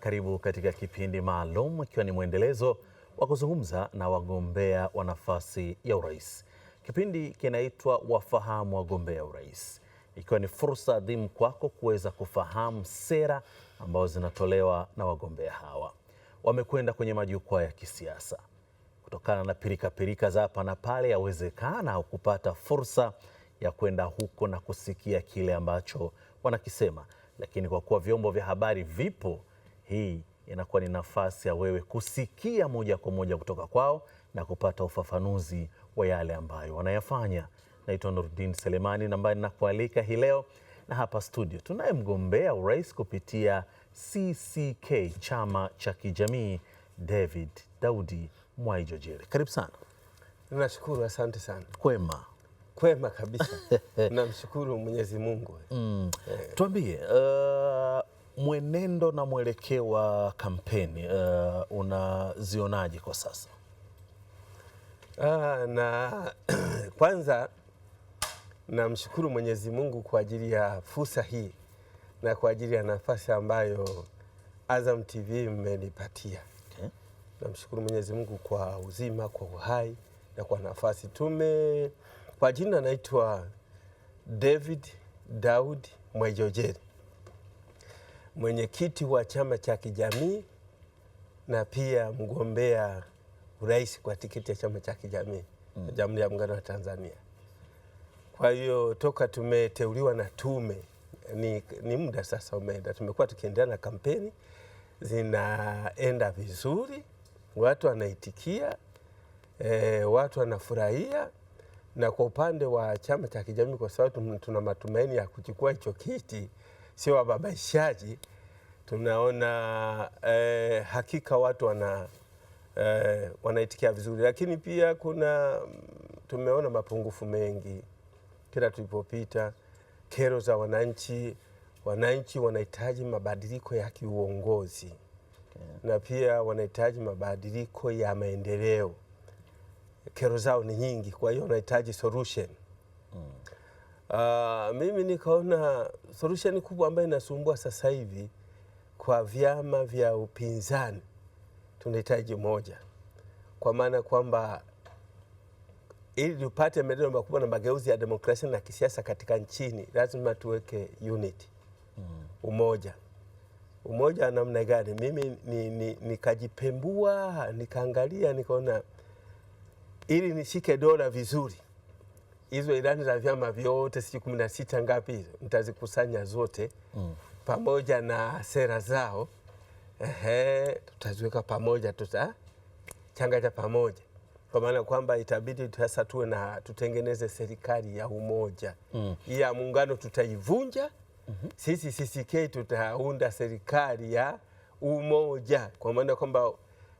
karibu katika kipindi maalum ikiwa ni mwendelezo wa kuzungumza na wagombea wa nafasi ya urais. Kipindi kinaitwa Wafahamu Wagombea Urais, ikiwa ni fursa adhimu kwako kuweza kufahamu sera ambazo zinatolewa na wagombea hawa. Wamekwenda kwenye majukwaa ya kisiasa kutokana na pirikapirika za hapa na pale, yawezekana kupata fursa ya kwenda huko na kusikia kile ambacho wanakisema, lakini kwa kuwa vyombo vya habari vipo, hii inakuwa ni nafasi ya wewe kusikia moja kwa moja kutoka kwao na kupata ufafanuzi wa yale ambayo wanayafanya. Naitwa Nurdin Selemani ambaye ninakualika hii leo, na hapa studio tunaye mgombea urais kupitia CCK chama cha kijamii, David Daudi Mwaijojele. Karibu sana. Nashukuru, asante sana. Kwema? Kwema kabisa. Namshukuru Mwenyezi Mungu. Mm. Eh. Tuambie uh, mwenendo na mwelekeo wa kampeni uh, unazionaje kwa sasa? Ah, na kwanza namshukuru Mwenyezi Mungu kwa ajili ya fursa hii na kwa ajili ya nafasi ambayo Azam TV mmenipatia. Okay. Namshukuru Mwenyezi Mungu kwa uzima, kwa uhai na kwa nafasi. Tume kwa jina naitwa David Daud Mwaijojeri mwenyekiti wa chama cha kijamii na pia mgombea urais kwa tiketi ya chama cha kijamii mm. Jamhuri ya Muungano wa Tanzania. Kwa hiyo toka tumeteuliwa na tume ni, ni muda sasa umeenda, tumekuwa tukiendelea na kampeni zinaenda vizuri, watu wanaitikia e, watu wanafurahia. Na kwa upande wa chama cha kijamii, kwa sababu tuna matumaini ya kuchukua hicho kiti, sio wababaishaji, tunaona eh, hakika watu wana eh, wanaitikia vizuri, lakini pia kuna tumeona mapungufu mengi kila tulipopita, kero za wananchi. Wananchi wanahitaji mabadiliko ya kiuongozi na pia wanahitaji mabadiliko ya maendeleo. Kero zao ni nyingi, kwa hiyo wanahitaji solution. Mm. Uh, mimi nikaona solution kubwa ambayo inasumbua sasa hivi kwa vyama vya upinzani tunahitaji moja, kwa maana kwamba ili tupate maendeleo makubwa na mageuzi ya demokrasia na kisiasa katika nchini lazima tuweke unity, hmm. umoja. Umoja wa namna gani? Mimi nikajipembua ni, ni, ni nikaangalia nikaona, ili nishike dola vizuri, hizo ilani za vyama vyote sijui kumi na sita ngapi hizo nitazikusanya zote mm pamoja na sera zao ehe, tutaziweka pamoja, tutachanganya eh, pamoja, kwa maana kwamba itabidi sasa tuwe na tutengeneze serikali ya umoja mm. ya muungano tutaivunja mm -hmm. Sisi CCK tutaunda serikali ya umoja, kwa maana kwamba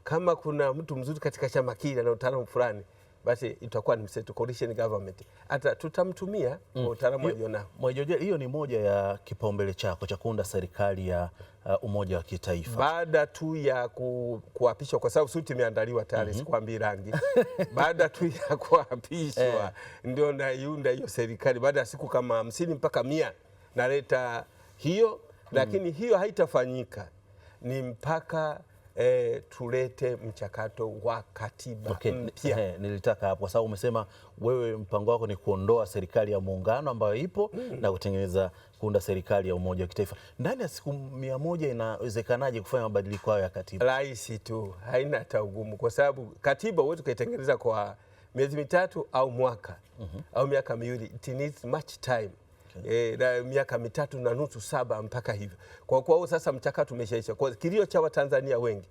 kama kuna mtu mzuri katika chama kile na utaalamu fulani basi itakuwa ni mseto coalition government, hata tutamtumia kwa mm. utaalamu alionao. Mwaijojele, hiyo ni moja ya kipaumbele chako cha kuunda serikali ya uh, umoja wa kitaifa baada tu ya ku, kuapishwa, kwa sababu suti imeandaliwa tayari, mhm. sikwambii rangi. Baada tu ya kuapishwa eh, ndio naiunda hiyo serikali. Baada ya siku kama hamsini mpaka mia naleta hiyo, mm. lakini hiyo haitafanyika ni mpaka e, tulete mchakato wa katiba okay, mpya. Eh, nilitaka hapo kwa sababu umesema wewe mpango wako ni kuondoa serikali ya muungano ambayo ipo mm, na kutengeneza kuunda serikali ya umoja wa kitaifa. Ndani ya siku mia moja inawezekanaje kufanya mabadiliko hayo ya katiba? Rahisi tu, haina hata ugumu, kwa sababu katiba wewe tukaitengeneza kwa miezi mitatu au mwaka mm -hmm. au miaka miwili, it needs much time okay. E, miaka mitatu na nusu saba mpaka hivyo. Kwa kuwa sasa mchakato umeshaisha, kwa kilio cha Watanzania wengi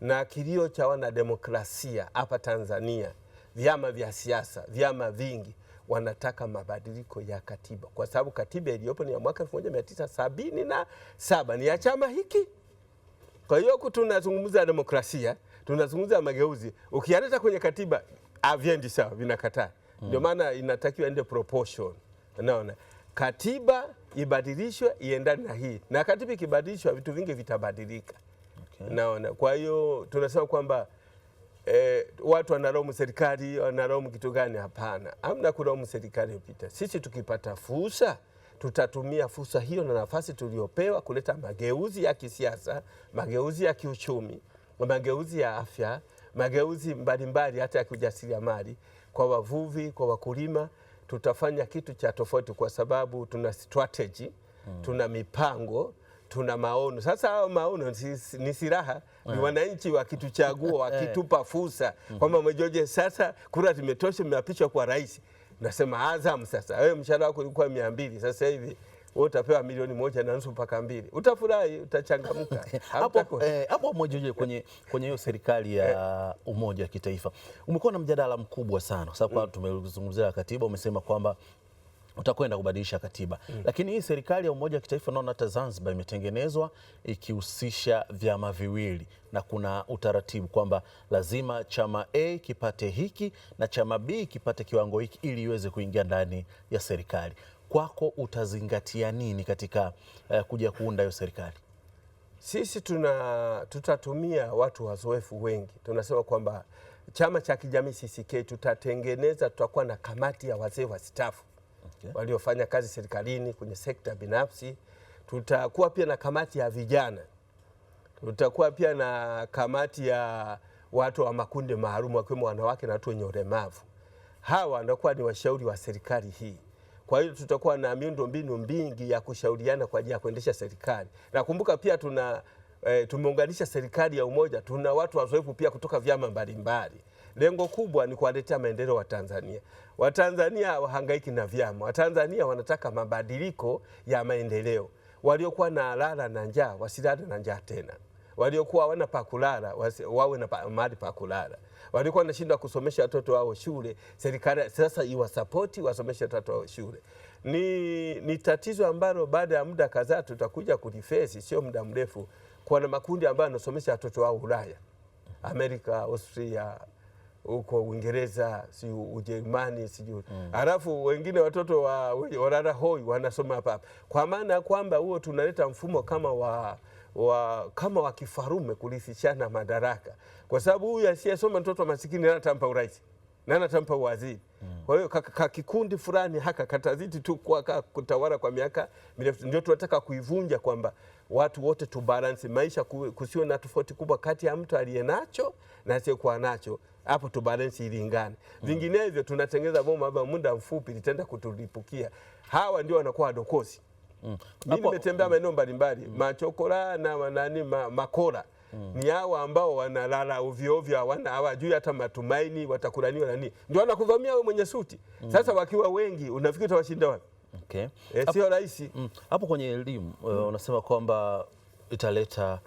na kilio cha wanademokrasia hapa Tanzania, vyama vya siasa, vyama vingi wanataka mabadiliko ya katiba, kwa sababu katiba iliyopo ni ya mwaka 1977 ni ya chama hiki. Kwa hiyo huku tunazungumza demokrasia, tunazungumza mageuzi, ukialeta kwenye katiba avyendi sawa, vinakataa. Ndio mm. maana inatakiwa ende proportion, unaona katiba ibadilishwe iendane na hii, na katiba ikibadilishwa vitu vingi vitabadilika. Okay. Naona kwa hiyo tunasema kwamba eh, watu wanalaumu serikali, wanalaumu kitu gani? Hapana, hamna kulaumu serikali upita. Sisi tukipata fursa tutatumia fursa hiyo na nafasi tuliyopewa kuleta mageuzi ya kisiasa, mageuzi ya kiuchumi, mageuzi ya afya, mageuzi mbalimbali, hata ya mali kwa wavuvi, kwa wakulima tutafanya kitu cha tofauti kwa sababu tuna strategy, mm. tuna mipango tuna maono sasa. Hao maono ni silaha, ni eh. wananchi wakituchagua, eh. wakitupa fursa mm-hmm. kwamba mwejoje, sasa kura zimetosha, mmeapishwa kwa rais, nasema Azam, sasa wewe mshahara wako ulikuwa mia mbili, sasa hivi wewe utapewa milioni moja na nusu mpaka mbili, utafurahi, utachangamka eh, hapo hapo. Moja kwenye kwenye hiyo serikali ya eh. umoja wa kitaifa umekuwa na mjadala mkubwa sana kwa sababu mm. tumezungumzia katiba, umesema kwamba utakwenda kubadilisha katiba mm. Lakini hii serikali ya umoja wa kitaifa naona hata Zanzibar imetengenezwa ikihusisha vyama viwili, na kuna utaratibu kwamba lazima chama A kipate hiki na chama B kipate kiwango hiki ili iweze kuingia ndani ya serikali kwako utazingatia nini katika uh, kuja kuunda hiyo serikali? Sisi tuna tutatumia watu wazoefu wengi, tunasema kwamba chama cha kijamii CCK tutatengeneza, tutakuwa na kamati ya wazee wastaafu okay, waliofanya kazi serikalini kwenye sekta binafsi. Tutakuwa pia na kamati ya vijana, tutakuwa pia na kamati ya watu wa makundi maalum wakiwemo wanawake na watu wenye ulemavu. Hawa wanakuwa ni washauri wa serikali hii kwa hiyo tutakuwa na miundombinu mingi ya kushauriana kwa ajili ya kuendesha serikali. Nakumbuka pia tuna e, tumeunganisha serikali ya umoja, tuna watu wazoefu pia kutoka vyama mbalimbali. Lengo kubwa ni kuwaletea maendeleo wa Tanzania. Watanzania wahangaiki na vyama. Watanzania wanataka mabadiliko ya maendeleo. Waliokuwa na lala na njaa wasilale na njaa tena waliokuwa hawana pa kulala wawe na mahali pa kulala, walikuwa wanashindwa kusomesha watoto wao shule, serikali sasa iwasapoti wasomeshe watoto wao shule. Ni, ni tatizo ambalo baada ya muda kadhaa tutakuja kulifesi, sio muda mrefu. Kuna makundi ambayo yanasomesha watoto wao Ulaya, Amerika, Austria huko Uingereza, si Ujerumani, sijui mm. Alafu wengine watoto wa warara hoi wanasoma hapa hapa, kwa maana ya kwamba huo tunaleta mfumo kama wa wa, kama wa kifarume kurithishana madaraka, kwa sababu huyu asiyesoma mtoto masikini na atampa urais na atampa waziri? Hmm. Kwa hiyo kakikundi kikundi fulani haka katazidi tu kwa kutawala kwa miaka mirefu, ndio tunataka kuivunja, kwamba watu wote tu balance maisha, kusiwe na tofauti kubwa kati ya mtu aliye nacho na asiyekuwa nacho, hapo tu balance ilingane hmm. Vinginevyo tunatengeneza bomu ambalo muda mfupi litaenda kutulipukia. Hawa ndio wanakuwa wadokozi Mm. Mimi nimetembea mm. maeneo mbalimbali mm. Machokora na nani ma, makora mm. Ni hawa ambao wanalala ovyo ovyo, hawana hawajui hata matumaini, watakulaniwa na nini, ndio wanakuvamia wewe mwenye suti mm. Sasa wakiwa wengi, unafikiri utawashinda wapi? Okay. Eh, sio rahisi mm. hapo mm. Kwenye elimu eh, mm. unasema kwamba italeta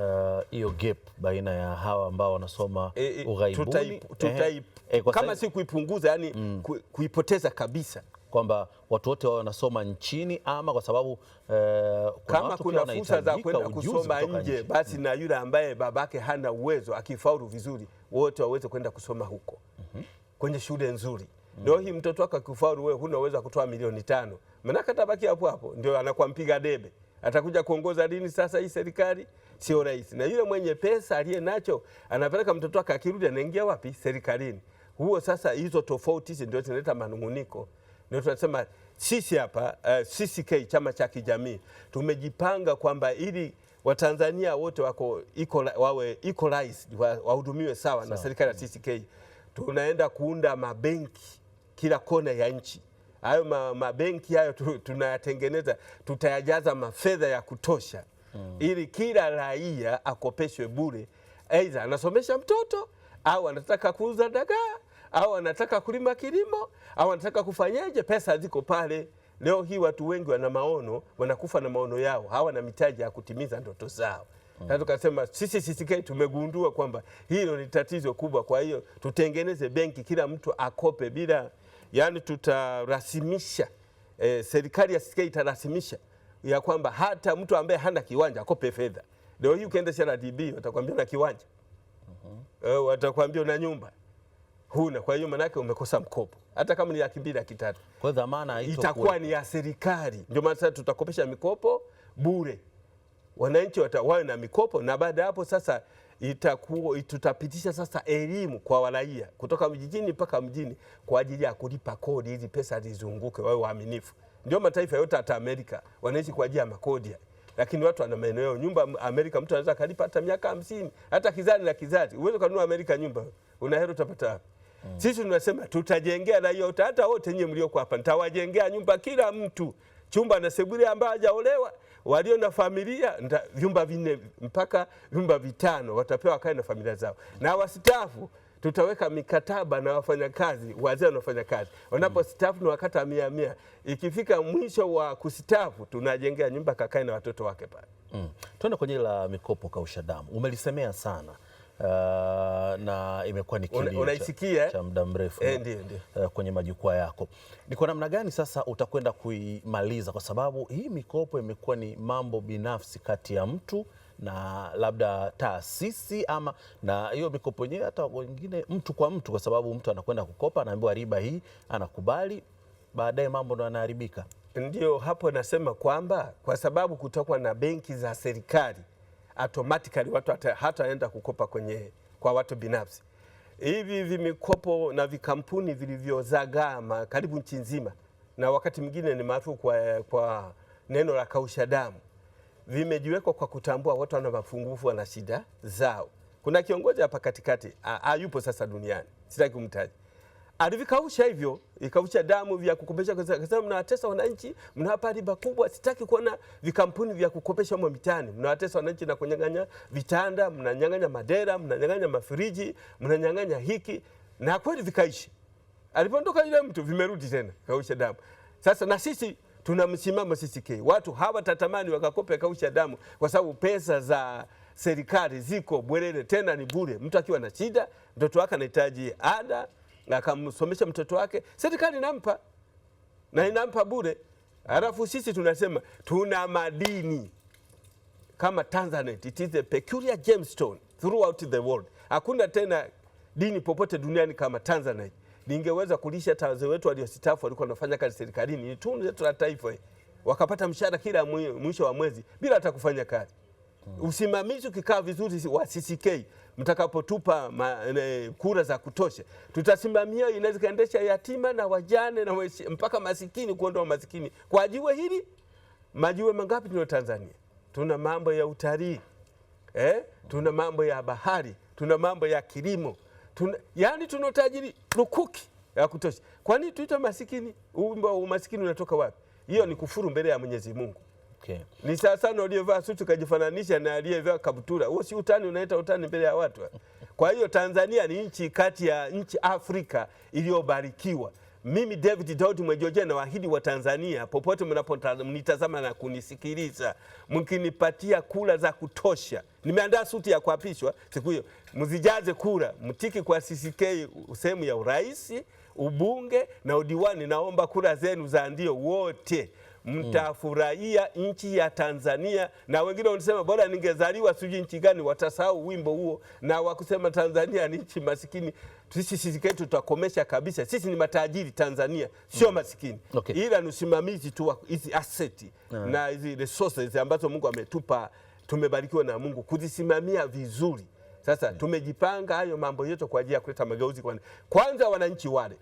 eh, hiyo uh, gap baina ya hawa ambao wanasoma e, e, ughaibuni tutaip, tutaip, E, eh, kama si kuipunguza yani mm. kuipoteza kabisa kwamba watu wote wanasoma nchini ama kwa sababu eh, kuna kama kuna fursa za kwenda kusoma nje, basi mm. na yule ambaye babake hana uwezo akifaulu vizuri, wote waweze kwenda kusoma huko mm -hmm. kwenye shule nzuri mm -hmm. Leo hii mtoto wako akifaulu, wewe huna uwezo kutoa milioni tano, maanake atabaki hapo hapo, ndio anakuwa mpiga debe. Atakuja kuongoza lini sasa? Hii serikali sio rahisi, na yule mwenye pesa aliye nacho anapeleka mtoto wake, akirudi anaingia wapi? Serikalini. Huo sasa, hizo tofauti hizi ndio zinaleta manunguniko ndio tunasema sisi hapa uh, eh, CCK chama cha kijamii tumejipanga kwamba ili Watanzania wote wako iko wawe equalized wahudumiwe sawa, so, na serikali ya mm. CCK. Tunaenda kuunda mabenki kila kona ya nchi. Hayo mabenki hayo tunayatengeneza, tutayajaza mafedha ya kutosha mm, ili kila raia akopeshwe bure, aidha anasomesha mtoto au anataka kuuza dagaa au anataka kulima kilimo au anataka kufanyaje, pesa ziko pale. Leo hii watu wengi wana maono, wanakufa na maono yao, hawana mitaji ya kutimiza ndoto zao. Na mm. tukasema sisi CCK tumegundua kwamba hilo ni tatizo kubwa. Kwa hiyo tutengeneze benki, kila mtu akope bila, yani tutarasimisha eh, serikali ya CCK itarasimisha ya kwamba hata mtu ambaye hana kiwanja akope fedha. Leo hii ukienda CRDB watakwambia na kiwanja, uh -huh. E, watakwambia na nyumba huna. Kwa hiyo maanake umekosa mkopo, hata kama ni laki mbili laki tatu, kwa dhamana itakuwa ni ya serikali. Ndio maana sasa tutakopesha mikopo bure, wananchi watawawe na mikopo, na baada ya hapo sasa itakuwa tutapitisha sasa elimu kwa waraia kutoka vijijini mpaka mjini kwa ajili ya kulipa kodi, hizi pesa zizunguke, wawe waaminifu. Ndio mataifa yote, hata Amerika wanaishi kwa ajili ya makodi, lakini watu wana maeneo nyumba. Amerika mtu anaweza kalipa hata miaka hamsini, hata kizazi na kizazi. uwezo kanunua Amerika nyumba, una hela utapata mm. Sisi tunasema tutajengea na wote, hata wote nyinyi mlioko hapa nitawajengea nyumba, kila mtu chumba na sebule, ambayo hajaolewa walio na familia vyumba vinne mpaka vyumba vitano watapewa wakae na familia zao, na wastaafu tutaweka mikataba na wafanyakazi wazee wanafanya kazi wanapostaafu, ni wakata mia mia, ikifika mwisho wa kustaafu tunajengea nyumba kakae na watoto wake pale. Mm. Tuende kwenye la mikopo kausha damu, umelisemea sana Uh, na imekuwa ni kilio cha, eh? cha muda mrefu uh, kwenye majukwaa yako. Ni kwa namna gani sasa utakwenda kuimaliza, kwa sababu hii mikopo imekuwa ni mambo binafsi kati ya mtu na labda taasisi ama, na hiyo mikopo yenyewe hata wengine mtu kwa mtu, kwa sababu mtu anakwenda kukopa anaambiwa riba hii, anakubali, baadaye mambo ndo yanaharibika. Ndio hapo nasema kwamba kwa sababu kutakuwa na benki za serikali automatically watu hataenda kukopa kwenye kwa watu binafsi. Hivi vimikopo na vikampuni vilivyozagama karibu nchi nzima, na wakati mwingine ni maarufu kwa, kwa neno la kausha damu, vimejiwekwa kwa kutambua watu wana mapungufu, wana shida zao. Kuna kiongozi hapa katikati ayupo sasa duniani, sitaki kumtaja alivikausha hivyo, ikausha damu vya kukopesha, kwa sababu mnawatesa wananchi, mnawapa riba kubwa. Sitaki kuona vikampuni vya kukopesha mwa mitaani, mnawatesa wananchi na kunyang'anya vitanda, mnanyang'anya madera, mnanyang'anya mafriji, mnanyang'anya hiki. Na kweli vikaishi, alipoondoka yule mtu vimerudi tena, kausha damu. Sasa na sisi tuna msimamo sisi, ke watu hawatatamani wakakope kausha damu, kwa sababu pesa za serikali ziko bwerere, tena ni bure. Mtu akiwa na shida, mtoto wake anahitaji ada akamsomesha mtoto wake, serikali inampa na inampa bure. Alafu sisi tunasema tuna madini kama Tanzanite, it is a peculiar gemstone throughout the world. Hakuna tena dini popote duniani kama Tanzanite. Ningeweza kulisha wazee wetu waliostaafu walikuwa wanafanya kazi serikalini, ni tunu letu la taifa, wakapata mshahara kila mwisho wa mwezi bila hata kufanya kazi. Hmm. Usimamizi ukikaa vizuri wa CCK mtakapotupa eh, kura za kutosha, tutasimamia inaweza kaendesha yatima na wajane na wesi, mpaka masikini, kuondoa masikini kwa jiwe hili. Majiwe mangapi tunayo Tanzania? Tuna mambo ya utalii eh, tuna mambo ya bahari, tuna mambo ya kilimo, tuna yani tuna tajiri lukuki ya kutosha. Kwa nini masikini? Wimbo wa umasikini unatoka wapi? Hiyo ni kufuru mbele ya Mwenyezi Mungu. Okay. Ni sawa sana uliyevaa suti ukajifananisha na aliyevaa kaptura. Huo si utani, unaita utani mbele ya watu. Eh? Kwa hiyo Tanzania ni nchi kati ya nchi Afrika iliyobarikiwa. Mimi David Daudi Mwaijojea nawaahidi wa Tanzania popote mnaponitazama na kunisikiliza, mkinipatia kura za kutosha, nimeandaa suti ya kuapishwa siku hiyo, mzijaze kura, mtiki kwa CCK sehemu ya urais, ubunge na udiwani. Naomba kura zenu za ndio wote mtafurahia nchi ya Tanzania. Na wengine wanasema bora ningezaliwa sijui nchi gani, watasahau wimbo huo na wakusema Tanzania ni nchi masikini. Sisi sisike tutakomesha kabisa. Sisi ni matajiri Tanzania, sio mm. masikini okay. Ila ni usimamizi tu wa hizi asset ah. na hizi resources ambazo Mungu ametupa, tumebarikiwa na Mungu kuzisimamia vizuri. Sasa mm. tumejipanga hayo mambo yote kwa ajili ya kuleta mageuzi. Kwanza wananchi wale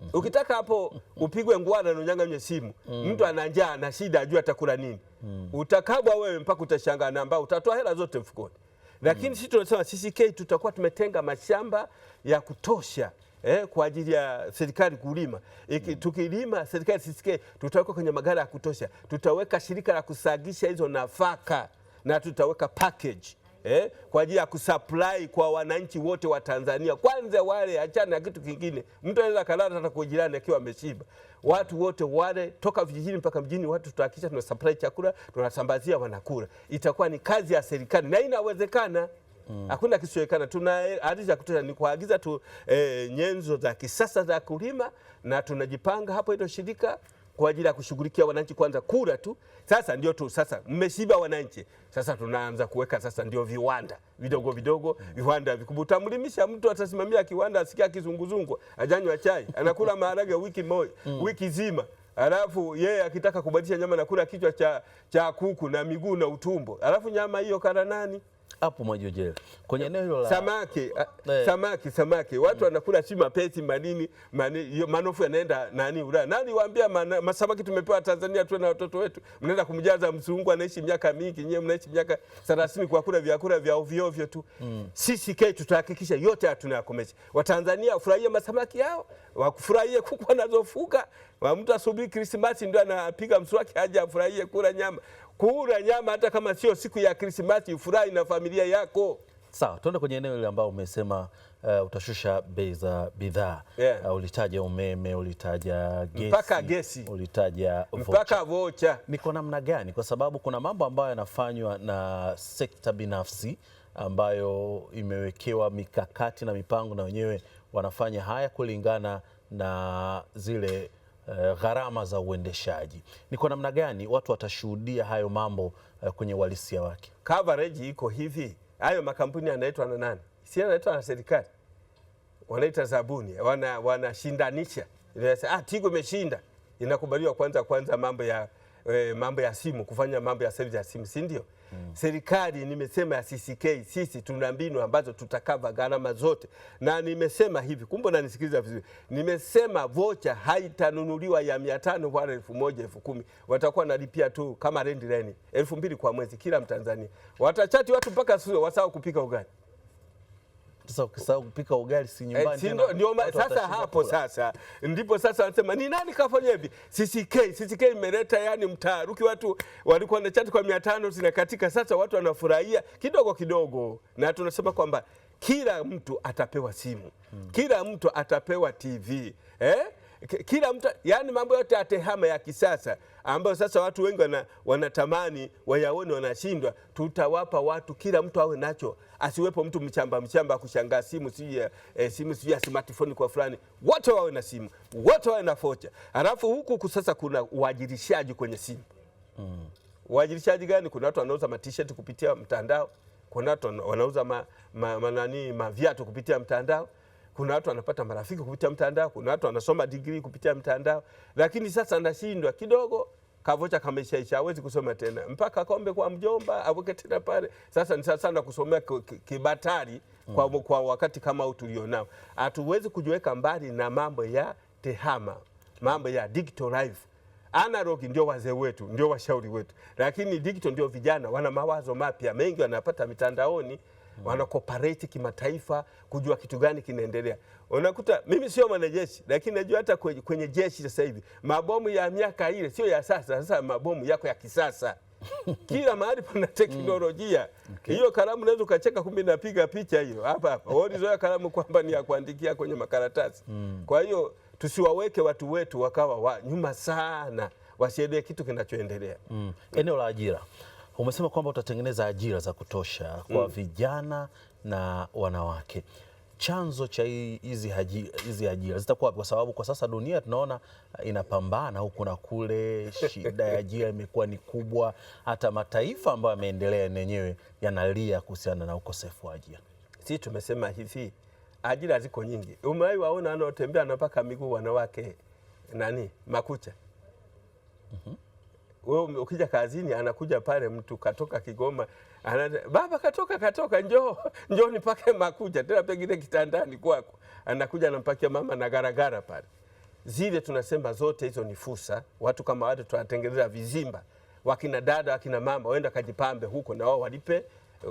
Mhm. Ukitaka hapo upigwe ngwana na unyang'anywe simu mm. Mtu ana njaa na shida, ajue atakula nini mm. Utakabwa wewe mpaka utashangaa, namba utatoa hela zote mfukoni, lakini mm. sisi tunasema CCK tutakuwa tumetenga mashamba ya kutosha eh, kwa ajili ya serikali kulima Iki, mm. tukilima serikali CCK tutaweka kwenye magara ya kutosha, tutaweka shirika la kusagisha hizo nafaka na tutaweka package eh, kwa ajili ya kusupply kwa wananchi wote wa Tanzania, kwanza wale, achana na kitu kingine. Mtu anaweza kalala hata kwa jirani akiwa ameshiba. Watu wote wale toka vijijini mpaka mjini, watu tutahakikisha tuna supply chakula, tunasambazia, wanakula. Itakuwa ni kazi ya serikali na inawezekana. Mm. Hakuna hmm, Tuna eh, ardhi za kutosha, ni kuagiza tu e, nyenzo za kisasa za kulima na tunajipanga hapo, hilo shirika kwa ajili ya kushughulikia wananchi kwanza, kura tu. Sasa ndio tu sasa mmeshiba wananchi, sasa tunaanza kuweka sasa ndio viwanda vidogo vidogo, viwanda vikubwa. Utamlimisha mtu atasimamia kiwanda, asikia kizunguzungu, ajanywa chai, anakula maharage wiki moja mm. wiki zima Alafu yeye akitaka kubadilisha nyama na kula kichwa cha, cha kuku na miguu na utumbo, alafu nyama hiyo kala nani? hapo Mwajojele kwenye eneo hilo la samaki a, eh. samaki samaki watu mm. wanakula si mapeti pesi manini mani, manofu yanaenda nani Ulaya. Nani waambia masamaki tumepewa Tanzania tuwe na watoto wetu, mnaenda kumjaza mzungu anaishi miaka mingi, nyewe mnaishi miaka 30 kwa kula vyakula vya ovyo ovyo tu mm. sisi kei tutahakikisha yote tunayakomesha. Watanzania wafurahie masamaki yao, wakufurahie kuku wanazofuga, wa mtu asubiri Krismasi ndio anapiga mswaki aje afurahie kula nyama kuula nyama hata kama sio siku ya Krismasi, furahi na familia yako. Sawa, tuende kwenye eneo ile ambao umesema uh, utashusha bei za bidhaa yeah. Uh, ulitaja umeme, ulitaja gesi, mpaka gesi, ulitaja mpaka vocha. Ni kwa namna gani? Kwa sababu kuna mambo ambayo yanafanywa na sekta binafsi ambayo imewekewa mikakati na mipango, na wenyewe wanafanya haya kulingana na zile Eh, gharama za uendeshaji. Ni kwa namna gani watu watashuhudia hayo mambo eh, kwenye uhalisia wake? Coverage iko hivi, hayo makampuni yanaitwa na nani? Si yanaitwa na serikali, wanaita zabuni, wanashindanisha wana, ah, Tigo imeshinda, inakubaliwa kwanza kwanza mambo ya e, mambo ya simu kufanya mambo ya service ya simu si ndio? Mm. Serikali nimesema ya CCK sisi tuna mbinu ambazo tutakava gharama zote, na nimesema hivi, kumbe nanisikiliza vizuri. Nimesema vocha haitanunuliwa ya mia tano wala elfu moja elfu kumi watakuwa nalipia tu kama rendi reni elfu mbili kwa mwezi kila Mtanzania. Watachati watu mpaka sio wasahau kupika ugali sasa ukisahau kupika ugali si nyumbani eh, tena. Ndio sasa hapo kula. Sasa ndipo sasa wanasema ni nani kafanya hivi? CCK CCK imeleta yani mtaruki, watu walikuwa na chati kwa 500 zinakatika, sasa watu wanafurahia kidogo kidogo, na tunasema kwamba kila mtu atapewa simu hmm. Kila mtu atapewa TV eh? kila mtu, yani mambo yote ya tehama ya kisasa ambayo sasa watu wengi wana, wanatamani wayaone, wanashindwa. Tutawapa watu, kila mtu awe nacho, asiwepo mtu mchamba mchamba kushangaa simu sijui eh, simu sijui ya smartphone kwa fulani. Wote wawe na simu, wote wawe na focha. Alafu huku sasa kuna uajirishaji kwenye simu mm. Uajirishaji gani? Kuna watu wanauza matisheti kupitia mtandao, kuna watu wanauza ma, ma, ma, nani maviatu kupitia mtandao kuna watu wanapata marafiki kupitia mtandao, kuna watu wanasoma digrii kupitia mtandao, lakini sasa nashindwa kidogo Kavocha kameshaisha, hawezi kusoma tena, mpaka kombe kwa mjomba aweke tena pale. Sasa ni sasa na kusomea kibatari kwa, mm. kwa wakati kama huu tulionao, hatuwezi kujiweka mbali na mambo ya tehama, mambo ya digital life. Analog ndio wazee wetu, ndio washauri wetu, lakini digital ndio vijana, wana mawazo mapya mengi wanapata mitandaoni. Mm. wanakooperate kimataifa kujua kitu gani kinaendelea. Unakuta mimi sio mwanajeshi, lakini najua hata kwenye, kwenye jeshi sasa hivi mabomu ya miaka ile sio ya sasa. Sasa mabomu yako ya kisasa kila mahali pana mm. teknolojia okay. Hiyo kalamu unaweza ukacheka, kumbe napiga picha hiyo hapa hapa. Walizoea kalamu kwamba ni ya kuandikia kwenye makaratasi mm. Kwa hiyo tusiwaweke watu wetu wakawa wa nyuma sana, wasielewe kitu kinachoendelea mm. Eneo la ajira Umesema kwamba utatengeneza ajira za kutosha kwa mm. vijana na wanawake. Chanzo cha hizi ajira, ajira zitakuwa kwa sababu kwa sasa dunia tunaona uh, inapambana huku na kule, shida ya ajira imekuwa ni kubwa, hata mataifa ambayo yameendelea yenyewe yanalia kuhusiana na ukosefu wa ajira. Si tumesema hivi, ajira ziko nyingi. Umewahi waona wanaotembea na mpaka miguu wanawake nani makucha? mm -hmm wewe ukija kazini, anakuja pale mtu katoka Kigoma, ana baba katoka katoka, njoo njoo nipake makuja, tena pengine kitandani kwako, anakuja anampakia mama na garagara pale. Zile tunasema zote hizo ni fursa. Watu kama watu tunatengeneza vizimba, wakina dada wakina mama waenda kajipambe huko na wao walipe,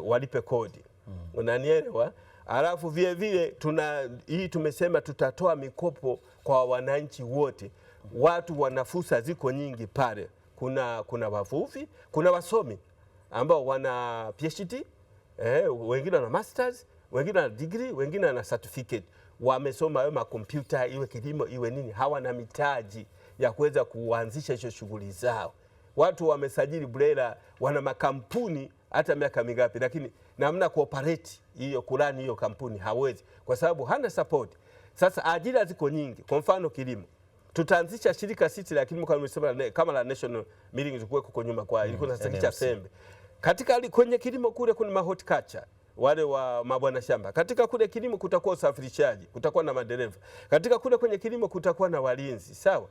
walipe kodi mm. Unanielewa? Alafu vile vile tuna hii tumesema tutatoa mikopo kwa wananchi wote. Mm. Watu wana fursa ziko nyingi pale kuna, kuna wavuvi, kuna wasomi ambao wana PhD eh, wengine wana masters, wengine wana degree, wengine wana certificate, wamesoma hayo makompyuta, iwe kilimo iwe nini, hawana mitaji ya kuweza kuanzisha hizo shughuli zao. Watu wamesajili BRELA, wana makampuni hata miaka mingapi, lakini namna kuoperate hiyo kurani hiyo kampuni hawezi, kwa sababu hana support. Sasa ajira ziko nyingi, kwa mfano kilimo tutaanzisha shirika sisi, lakini mko kama la national meeting zikuweko kwa nyuma kwa mm, ilikuwa sasa kicha sembe katika kwenye kilimo kule kuna mahorticulture wale wa mabwana shamba katika kule kilimo kutakuwa usafirishaji, kutakuwa na madereva katika kule kwenye kilimo, kutakuwa na walinzi sawa,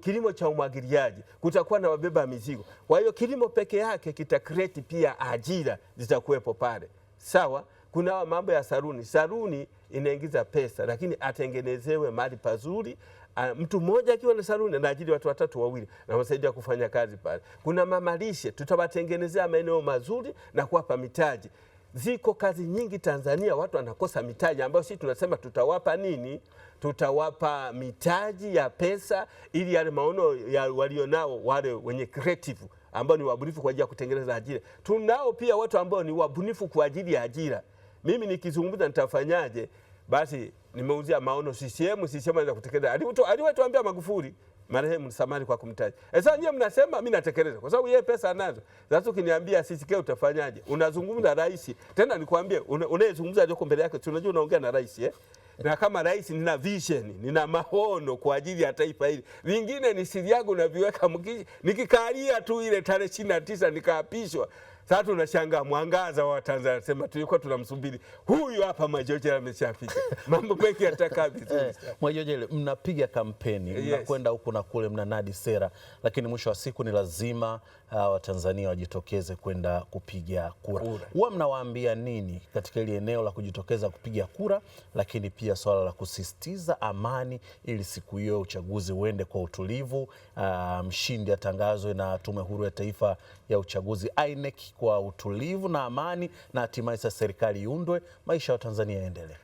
kilimo cha umwagiliaji, kutakuwa na wabeba mizigo. Kwa hiyo kilimo peke yake kita create pia ajira zitakuwepo pale, sawa. Kuna mambo ya saruni, saruni inaingiza pesa, lakini atengenezewe mali pazuri Ah, mtu mmoja akiwa na saluni anaajiri watu watatu wawili, na wasaidia kufanya kazi pale. Kuna mamalishe, tutawatengenezea maeneo mazuri na kuwapa mitaji. Ziko kazi nyingi Tanzania watu wanakosa mitaji, ambayo sisi tunasema tutawapa nini? Tutawapa mitaji ya pesa ili yale maono ya walionao wale wenye creative ambao ni wabunifu kwa ajili ya kutengeneza ajira. Tunao pia watu ambao ni wabunifu kwa ajili ya ajira. Mimi nikizungumza nitafanyaje? Basi nimeuzia maono CCM, CCM anaweza kutekeleza. Aliwatuambia Magufuli marehemu, samani kwa kumtaja. Eh, sasa nyie mnasema mimi natekeleza kwa sababu yeye pesa anazo. Sasa ukiniambia sisi kile utafanyaje? Unazungumza rais, tena nikwambie, unayezungumza alioko mbele yake, tunajua unaongea na rais eh? na kama rais, nina vision, nina maono kwa ajili ya taifa hili. Vingine ni siri yangu, naviweka mkiji. nikikalia tu ile tarehe 29 nikaapishwa sasa tunashangaa mwangaza wa Tanzania, sema tulikuwa tunamsubiri huyu hapa Mwajojele ameshafika. Mambo mengi yatakaa vizuri. Eh, Mwajojele, mnapiga kampeni yes, mnakwenda huku na kule, mnanadi sera, lakini mwisho wa siku ni lazima uh, Watanzania wajitokeze kwenda kupiga kura. Huwa mnawaambia nini katika ile eneo la kujitokeza kupiga kura, lakini pia swala la kusisitiza amani, ili siku hiyo uchaguzi uende kwa utulivu, ah, mshindi atangazwe na Tume Huru ya Taifa ya uchaguzi INEC kwa utulivu na amani na hatimaye sasa serikali iundwe, maisha ya Tanzania yaendelee.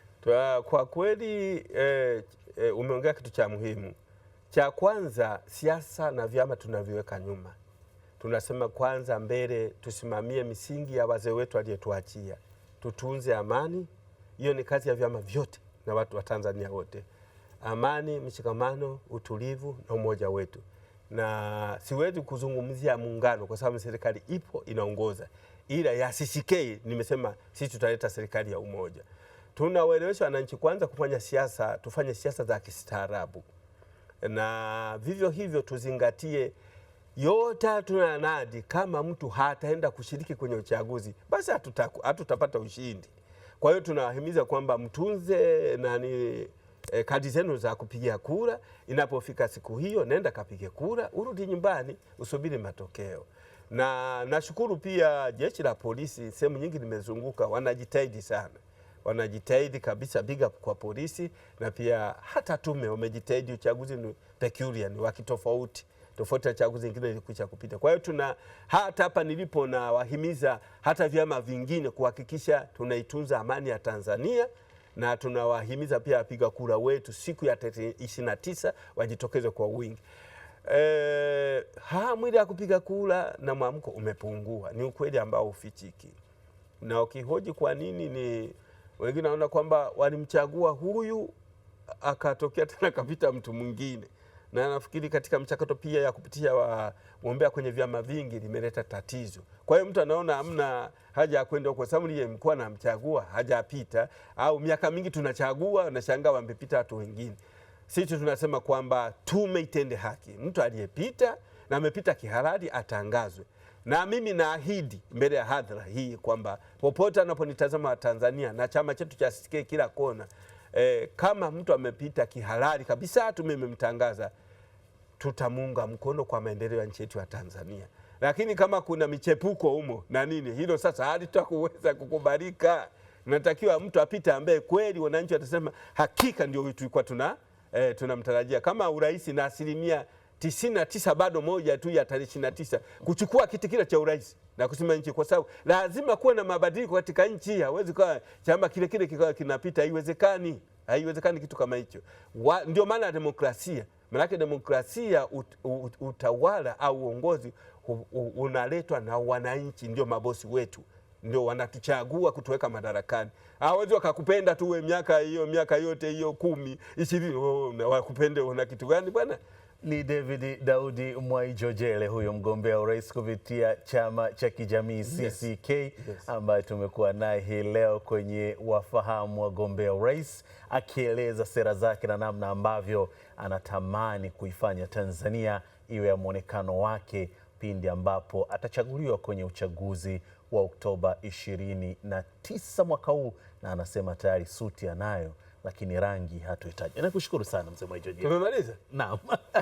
Kwa kweli e, e, umeongea kitu cha muhimu. Cha kwanza, siasa na vyama tunaviweka nyuma. Tunasema kwanza mbele, tusimamie misingi ya wazee wetu aliyetuachia, tutunze amani. Hiyo ni kazi ya vyama vyote na watu wa Tanzania wote, amani, mshikamano, utulivu na umoja wetu na siwezi kuzungumzia muungano kwa sababu serikali ipo inaongoza, ila ya CCK nimesema sisi tutaleta serikali ya umoja. Tunawaelewesha wananchi kwanza kufanya siasa, tufanye siasa za kistaarabu, na vivyo hivyo tuzingatie yote tunanadi. Kama mtu hataenda kushiriki kwenye uchaguzi, basi hatutapata ushindi. Kwa hiyo tunawahimiza kwamba mtunze nani e, kadi zenu za kupigia kura. Inapofika siku hiyo, nenda kapige kura, urudi nyumbani, usubiri matokeo. Na nashukuru pia jeshi la polisi, sehemu nyingi nimezunguka, wanajitahidi sana, wanajitahidi kabisa, big up kwa polisi na pia hata tume wamejitahidi. Uchaguzi ni peculiar, ni wa kitofauti tofauti na chaguzi zingine ilikuja kupita. Kwa hiyo tuna hata hapa nilipo na wahimiza hata vyama vingine kuhakikisha tunaitunza amani ya Tanzania na tunawahimiza pia wapiga kura wetu siku ya tarehe tisa wajitokeze kwa wingi. E, hamu ya kupiga kura na mwamko umepungua, ni ukweli ambao ufichiki, na ukihoji kwa nini, ni wengine wanaona kwamba walimchagua huyu akatokea tena akapita mtu mwingine na nafikiri katika mchakato pia ya kupitia wagombea kwenye vyama vingi limeleta tatizo. Kwa hiyo mtu anaona amna haja ya kwenda kwa sababu ndiye mkuu anamchagua hajapita, au miaka mingi tunachagua na shangaa wamepita watu wengine. Sisi tunasema kwamba tume itende haki, mtu aliyepita na amepita kihalali atangazwe. Na mimi naahidi mbele ya hadhara hii kwamba popote anaponitazama Watanzania na chama chetu cha kila kona e, kama mtu amepita kihalali kabisa, tume imemtangaza, tutamuunga mkono kwa maendeleo ya nchi yetu ya Tanzania. Lakini kama kuna michepuko humo na nini, hilo sasa halitakuweza kukubalika. Natakiwa mtu apite ambaye kweli wananchi watasema hakika ndio tulikuwa tuna e, tunamtarajia kama urais na asilimia tisini na tisa bado moja tu ya tarehe ishirini na tisa kuchukua kiti kile cha urais na kusema nchi, kwa sababu lazima kuwe na mabadiliko katika nchi. Hawezi kuwa chama kile kile kikawa kinapita, haiwezekani, haiwezekani kitu kama hicho. Ndio maana demokrasia, maanake demokrasia ut, ut, ut, utawala au uongozi unaletwa na wananchi, ndio mabosi wetu ndio wanatuchagua kutuweka madarakani. Hawezi wakakupenda tu uwe miaka hiyo miaka yote hiyo kumi ishirini, oh, wakupende una kitu gani bwana? Ni David Daudi Mwaijojele, huyo mgombea urais kupitia chama cha kijamii CCK, yes. Yes. ambaye tumekuwa naye hii leo kwenye wafahamu wagombea urais, akieleza sera zake na namna ambavyo anatamani kuifanya Tanzania iwe ya mwonekano wake pindi ambapo atachaguliwa kwenye uchaguzi wa Oktoba 29 mwaka huu, na anasema tayari suti anayo lakini rangi hatuhitaji. Nakushukuru sana mzee Mwaijo. Tumemaliza? Naam.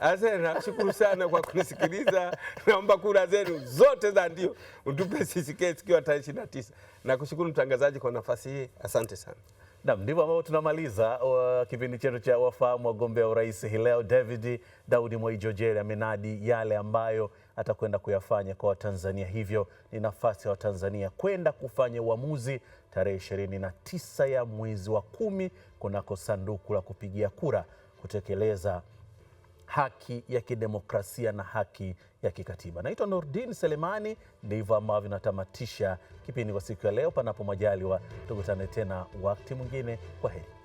Asante, nakushukuru sana kwa kunisikiliza. Naomba kura zenu zote za ndio utupe kesi sikiwa tarehe ishirini na tisa. Nakushukuru mtangazaji kwa nafasi hii, asante sana. Naam, ndivyo ambavyo tunamaliza uh, kipindi chetu cha wafahamu wagombea urais hii leo. David Daudi Mwaijojeri amenadi yale ambayo atakwenda kuyafanya kwa Watanzania. Hivyo ni nafasi ya Watanzania kwenda kufanya uamuzi tarehe ishirini na tisa ya mwezi wa kumi kunako sanduku la kupigia kura kutekeleza haki ya kidemokrasia na haki ya kikatiba. Naitwa Nurdin Selemani, ndivyo ambavyo natamatisha kipindi kwa siku ya leo. Panapo majaliwa, tukutane tena wakati mwingine. Kwa heri.